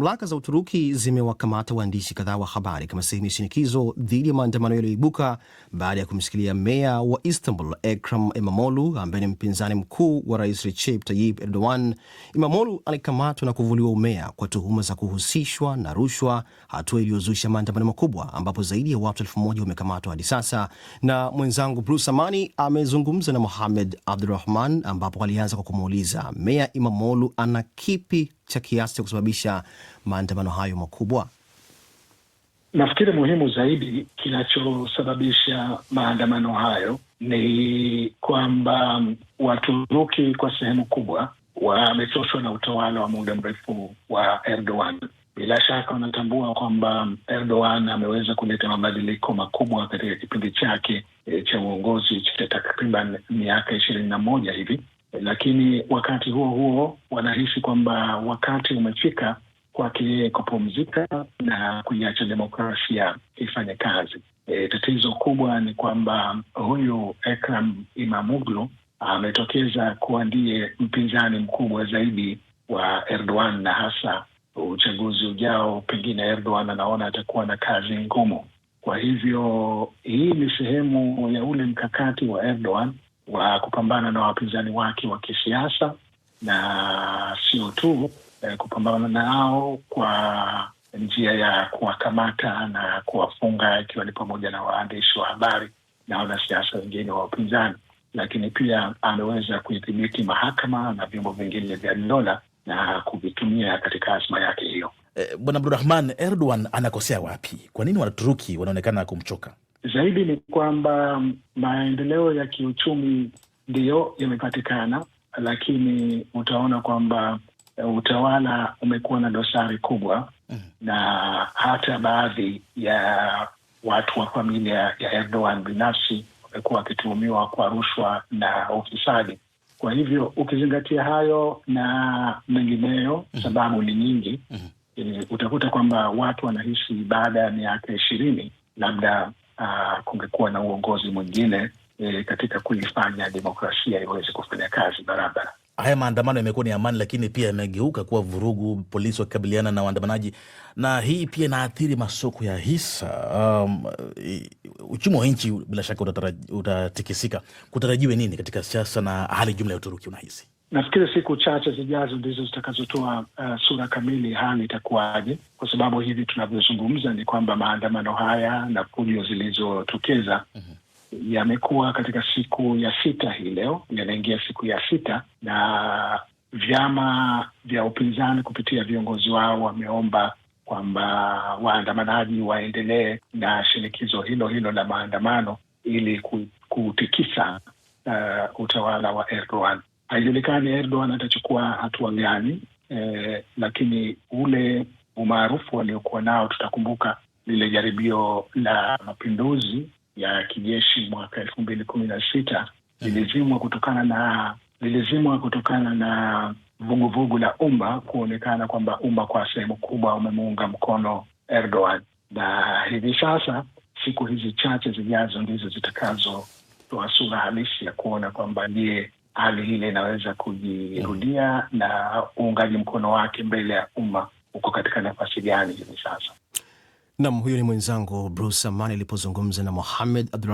Mamlaka za Uturuki zimewakamata waandishi kadhaa wa habari kama sehemu ya shinikizo dhidi ya maandamano yaliyoibuka baada ya kumshikilia meya wa Istanbul Ekrem Imamoglu ambaye ni mpinzani mkuu wa rais Recep Tayyip Erdogan. Imamoglu alikamatwa na kuvuliwa umeya kwa tuhuma za kuhusishwa na rushwa, hatua iliyozusha maandamano makubwa ambapo zaidi ya watu elfu moja wamekamatwa hadi sasa. Na mwenzangu Bruce Amani amezungumza na Mohamed Abdurahman ambapo alianza kwa kumuuliza meya Imamoglu ana kipi cha kiasi cha kusababisha maandamano hayo makubwa? Nafikiri muhimu zaidi kinachosababisha maandamano hayo ni kwamba Waturuki kwa sehemu kubwa wamechoshwa na utawala wa muda mrefu wa Erdogan. Bila shaka wanatambua kwamba Erdogan ameweza kuleta mabadiliko makubwa katika kipindi chake e, cha uongozi cha takriban miaka ishirini na moja hivi lakini wakati huo huo wanahisi kwamba wakati umefika kwake yeye kupumzika na kuiacha demokrasia ifanye kazi. E, tatizo kubwa ni kwamba huyu ekram Imamoglu ametokeza kuwa ndiye mpinzani mkubwa zaidi wa Erdogan na hasa uchaguzi ujao, pengine Erdogan anaona atakuwa na kazi ngumu. Kwa hivyo hii ni sehemu ya ule mkakati wa Erdogan wa kupambana na wapinzani wake wa kisiasa na sio tu eh, kupambana nao kwa njia ya kuwakamata na kuwafunga, ikiwa ni pamoja na waandishi wa habari na wanasiasa wengine wa upinzani, lakini pia ameweza kuidhibiti mahakama na vyombo vingine vya dola na kuvitumia katika azma yake hiyo. Eh, Bwana Abdurahman, Erdogan anakosea wapi? Kwa nini Waturuki wanaonekana kumchoka? Zaidi ni kwamba maendeleo ya kiuchumi ndiyo yamepatikana, lakini utaona kwamba eh, utawala umekuwa na dosari kubwa mm. na hata baadhi ya watu wa familia ya Erdogan binafsi wamekuwa wakituhumiwa kwa rushwa na ufisadi. Kwa hivyo ukizingatia hayo na mengineyo, mm-hmm. sababu ni nyingi mm. E, utakuta kwamba watu wanahisi baada ya miaka ishirini labda uh, kungekuwa na uongozi mwingine e, katika kuifanya demokrasia iweze kufanya kazi barabara. Haya maandamano yamekuwa ni amani, lakini pia yamegeuka kuwa vurugu, polisi wakikabiliana na waandamanaji, na hii pia inaathiri masoko ya hisa. Um, uchumi wa nchi bila shaka utatikisika. Kutarajiwe nini katika siasa na hali jumla ya Uturuki, unahisi? Nafikiri siku chache zijazo ndizo zitakazotoa uh, sura kamili hali itakuwaje, kwa sababu hivi tunavyozungumza ni kwamba maandamano haya na fujo zilizotokeza mm-hmm. yamekuwa katika siku ya sita hii leo, yanaingia siku ya sita, na vyama vya upinzani kupitia viongozi wao wameomba kwamba waandamanaji waendelee na shinikizo hilo hilo la maandamano ili kutikisa uh, utawala wa Erdogan. Haijulikani Erdogan atachukua hatua gani eh, lakini ule umaarufu waliokuwa nao, tutakumbuka lile jaribio la mapinduzi ya kijeshi mwaka elfu mbili kumi na sita lilizimwa kutokana na lilizimwa kutokana na vuguvugu vugu la umma kuonekana kwamba umma kwa sehemu kubwa umemuunga mkono Erdogan, na hivi sasa siku hizi chache zijazo ndizo zitakazotoa sura halisi ya kuona kwamba ndiye hali hile inaweza kujirudia mm. na uungaji mkono wake mbele ya umma uko katika nafasi gani hivi sasa? Nam, huyo ni mwenzangu Bruce Amani alipozungumza na Mohamed